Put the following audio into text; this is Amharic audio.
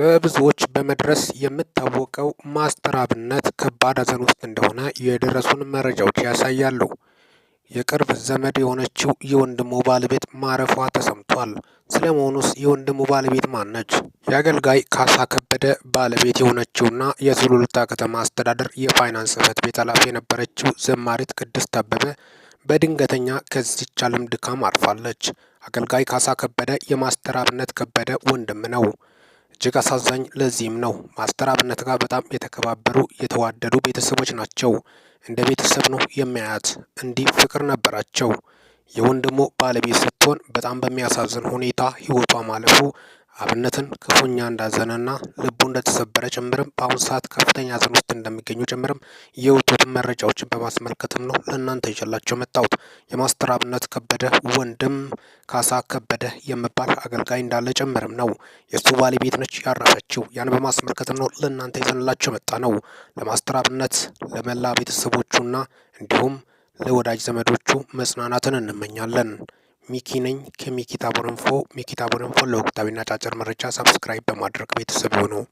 ለብዙዎች በመድረስ የምታወቀው ማስተር አብነት ከባድ ሐዘን ውስጥ እንደሆነ የደረሱን መረጃዎች ያሳያሉ። የቅርብ ዘመድ የሆነችው የወንድሙ ባለቤት ማረፏ ተሰምቷል። ስለመሆኑስ የወንድሙ ባለቤት ማን ነች? የአገልጋይ ካሳ ከበደ ባለቤት የሆነችውና የሱሉልታ ከተማ አስተዳደር የፋይናንስ ጽሕፈት ቤት ኃላፊ የነበረችው ዘማሪት ቅድስት አበበ በድንገተኛ ከዚች ዓለም ድካም አርፋለች። አገልጋይ ካሳ ከበደ የማስተር አብነት ከበደ ወንድም ነው። እጅግ አሳዛኝ ለዚህም ነው ማስተር አብነት ጋር በጣም የተከባበሩ የተዋደዱ ቤተሰቦች ናቸው። እንደ ቤተሰብ ነው የሚያያት። እንዲህ ፍቅር ነበራቸው። የወንድሙ ባለቤት ስትሆን በጣም በሚያሳዝን ሁኔታ ህይወቷ ማለፉ አብነትን ክፉኛ እንዳዘነና ልቡ እንደተሰበረ ጭምርም በአሁኑ ሰዓት ከፍተኛ ሐዘን ውስጥ እንደሚገኙ ጭምርም የወጡት መረጃዎችን በማስመልከትም ነው ለእናንተ ይዤላቸው መጣሁት። የማስተር አብነት ከበደ ወንድም ካሳ ከበደ የምባል አገልጋይ እንዳለ ጭምርም ነው የእሱ ባሌ ቤት ነች ያረፈችው። ያን በማስመልከትም ነው ለእናንተ ይዘንላቸው መጣ ነው ለማስተር አብነት ለመላ ቤተሰቦቹና እንዲሁም ለወዳጅ ዘመዶቹ መጽናናትን እንመኛለን። ሚኪ ነኝ ከሚኪታ ቦረንፎ። ሚኪታ ቦረንፎ ለወቅታዊና አጫጭር መረጃ ሰብስክራይብ በማድረግ ቤተሰብ ሆነው